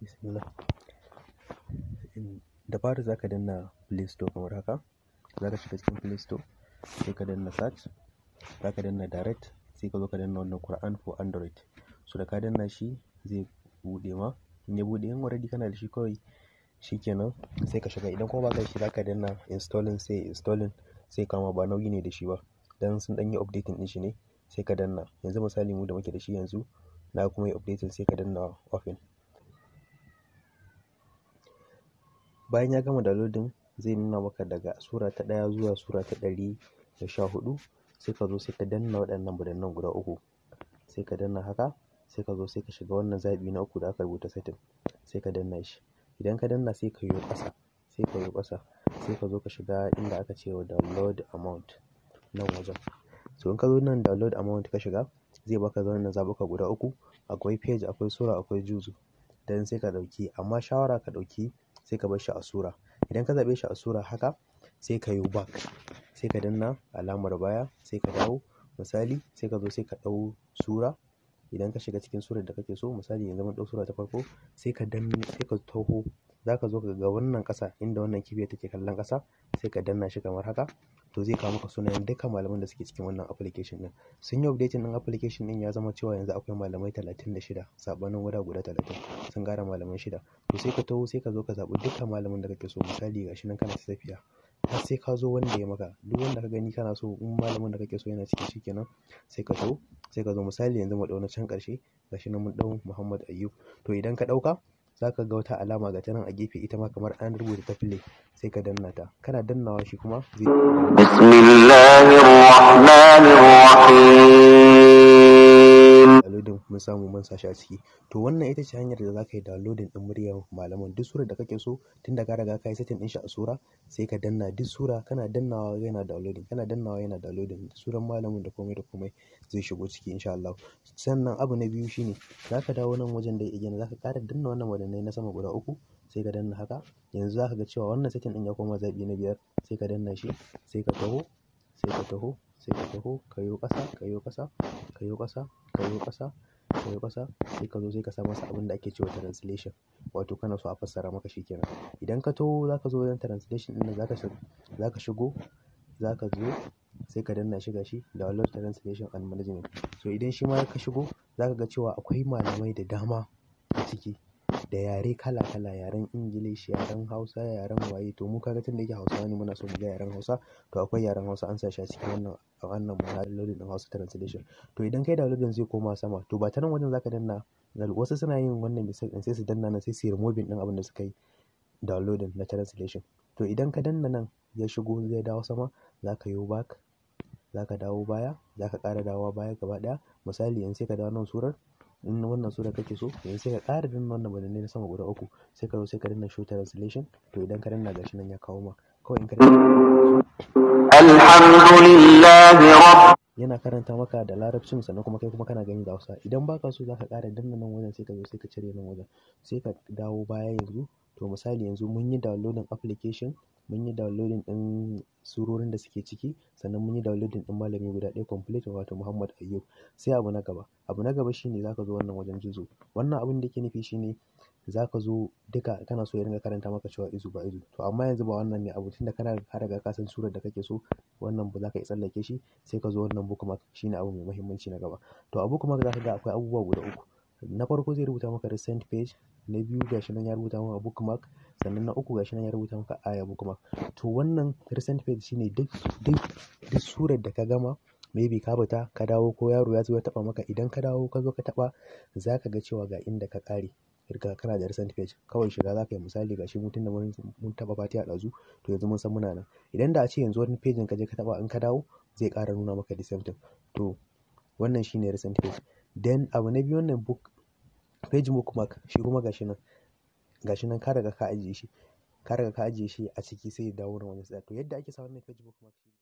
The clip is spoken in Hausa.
Bismillah. Da fari za ka danna Play Store kamar haka. Za ka shiga cikin Play Store, sai ka danna Search, za ka danna Direct, sai ka zo ka danna wannan Quran for Android. So da ka danna shi zai bude ma. In ya buɗe in already kana da shi kawai shikenan sai ka shiga idan kuma baka ka shi za ka danna installing sai installing sai kama ba nauyi ne da shi ba. Dan sun ɗan yi updating ɗin shi ne sai ka danna. Yanzu misali mu da muke da shi yanzu na kuma yi updating sai ka danna open. Bayan ya gama downloading zai nuna maka daga sura ta ɗaya zuwa sura ta ɗari da sha huɗu. Sai ka zo sai ka danna waɗannan budannan guda uku. Sai ka danna haka sai ka zo sai ka shiga wannan zaɓi na uku da aka rubuta setting sai ka danna shi. Idan ka danna sai ka yo ƙasa, sai ka yo ƙasa sai ka zo ka shiga inda aka ce download amount nan wajen. So in ka zo nan download amount ka shiga zai baka wannan zaɓuka guda uku. Akwai page, akwai sura, akwai juzu. don sai ka ɗauki amma shawara ka ɗauki sai ka bar shi a sura idan ka zaɓe shi a sura haka sai ka yi back sai ka danna alamar baya sai ka dawo misali sai ka zo sai ka ɗau sura idan ka shiga cikin surar da kake so misali yanzu mun ɗau sura ta farko sai ka danna sai ka taho za ka zo ka ga wannan ƙasa inda wannan kibiyar take kallon ƙasa sai ka danna shi kamar haka to zai kawo maka sunayen duka malaman da suke cikin wannan application din sun yi updating din application din ya zama cewa yanzu akwai malamai shida. sabanin wada guda talatin sun gara malamai shida to sai ka taho sai ka zo ka zaɓi duka malamin da kake so misali gashi nan kana tafiya har sai ka zo wanda ya maka duk wanda ka gani kana so in malamin da kake so yana ciki shikenan sai ka zo sai ka zo misali yanzu mu ɗau na can ƙarshe gashi nan mun ɗau Muhammad Ayyub to idan ka ɗauka za ka ga wata alama ga ta nan a gefe ita ma kamar an rubuta ta file sai ka danna ta kana dannawa shi kuma zai downloading mun samu mun sa shi a ciki to wannan ita ce hanyar da za ka yi downloading ɗin muryar malaman duk surar da kake so tun da ka riga ka yi setting ɗin shi a sura sai ka danna duk sura kana dannawa yana downloading kana dannawa yana downloading suran malamin da komai da komai zai shigo ciki insha Allah sannan abu na biyu shine za ka dawo nan wajen da igiyar za ka ƙara danna wannan wadannan na sama guda uku sai ka danna haka yanzu za ka ga cewa wannan setting ɗin ya koma zaɓi na biyar sai ka danna shi sai ka taho sai ka taho, sai ka taho, ka yo ƙasa, ka yo ƙasa, ka yo ƙasa, ka yo ƙasa, ka yo ƙasa sai ka zo sai ka sa masa abin da ake cewa translation. Wato kana so a fassara maka shi kenan. Idan ka taho za ka zo wajen translation ɗin da za ka shigo, za ka zo sai ka danna shi gashi download translation and management. So idan shi ma ka shigo za ka ga cewa akwai malamai da dama a ciki. da yare kala kala, yaren Ingilishi, yaren Hausa, yaren waye. To mu kaga tunda yake Hausawa ne muna so mu ga yaren Hausa. To akwai yaren Hausa an sa shi a cikin wannan a wannan downloading na Hausa translation. To idan kai downloading zai koma sama. To ba ta nan wajen zaka danna wasu suna yin wannan mistake ɗin sai su danna nan sai su yi removing ɗin abin da suka yi downloading na translation. To idan ka danna nan ya shigo zai dawo sama zaka yo back zaka dawo baya zaka ƙara dawowa baya gaba ɗaya misali yanzu sai ka dawo nan surar in wannan sura kake so yanzu eh, sai ka ƙara danna wannan madannai na sama guda uku sai ka zo sai ka danna show translation to idan ka danna gashi nan ya kawo ma kawai in ka alhamdulillahi yana karanta maka da larabcin sannan kuma kai kuma kana gani da Hausa idan baka so zaka ƙara danna nan wajen sai ka zo sai ka cire nan wajen sai ka dawo baya yanzu to misali yanzu mun yi downloading application mun yi downloading ɗin surorin da suke ciki sannan mun yi downloading ɗin malami guda ɗaya complete wato Muhammad Ayyub sai abu na gaba abu na gaba shine zaka zo wannan wajen jizo wannan abun da yake nufi shine zaka zo duka kana so ya dinga karanta maka cewa izu ba izu to amma yanzu ba wannan ne abu da kana ka riga ka san surar da kake so wannan ba za ka yi tsallake shi sai ka zo wannan bookmark shine abu mai muhimmanci na gaba to a bookmark zaka ga akwai abubuwa guda uku na farko zai rubuta maka recent page na biyu gashi nan ya rubuta maka bookmark sannan na uku gashi nan ya rubuta maka aya bookmark to wannan recent page shine duk duk surar da ka gama maybe ka fita ka dawo ko yaro ya zo ya taɓa maka idan ka dawo ka zo ka taɓa za ka ga cewa ga inda ka ƙare irka kana da recent page kawai shiga za ka yi misali ga shi mutum da mun taɓa a ɗazu to yanzu mun san muna nan idan da a ce yanzu wani pejin ka je ka taɓa in ka dawo zai ƙara nuna maka the same thing to wannan shine recent page then abu na biyu wannan book page bookmark shi kuma gashi nan gashi nan ka riga ka ajiye shi ka riga ka ajiye shi a ciki sai ya dawo da wani to yadda ake sa wannan page bookmark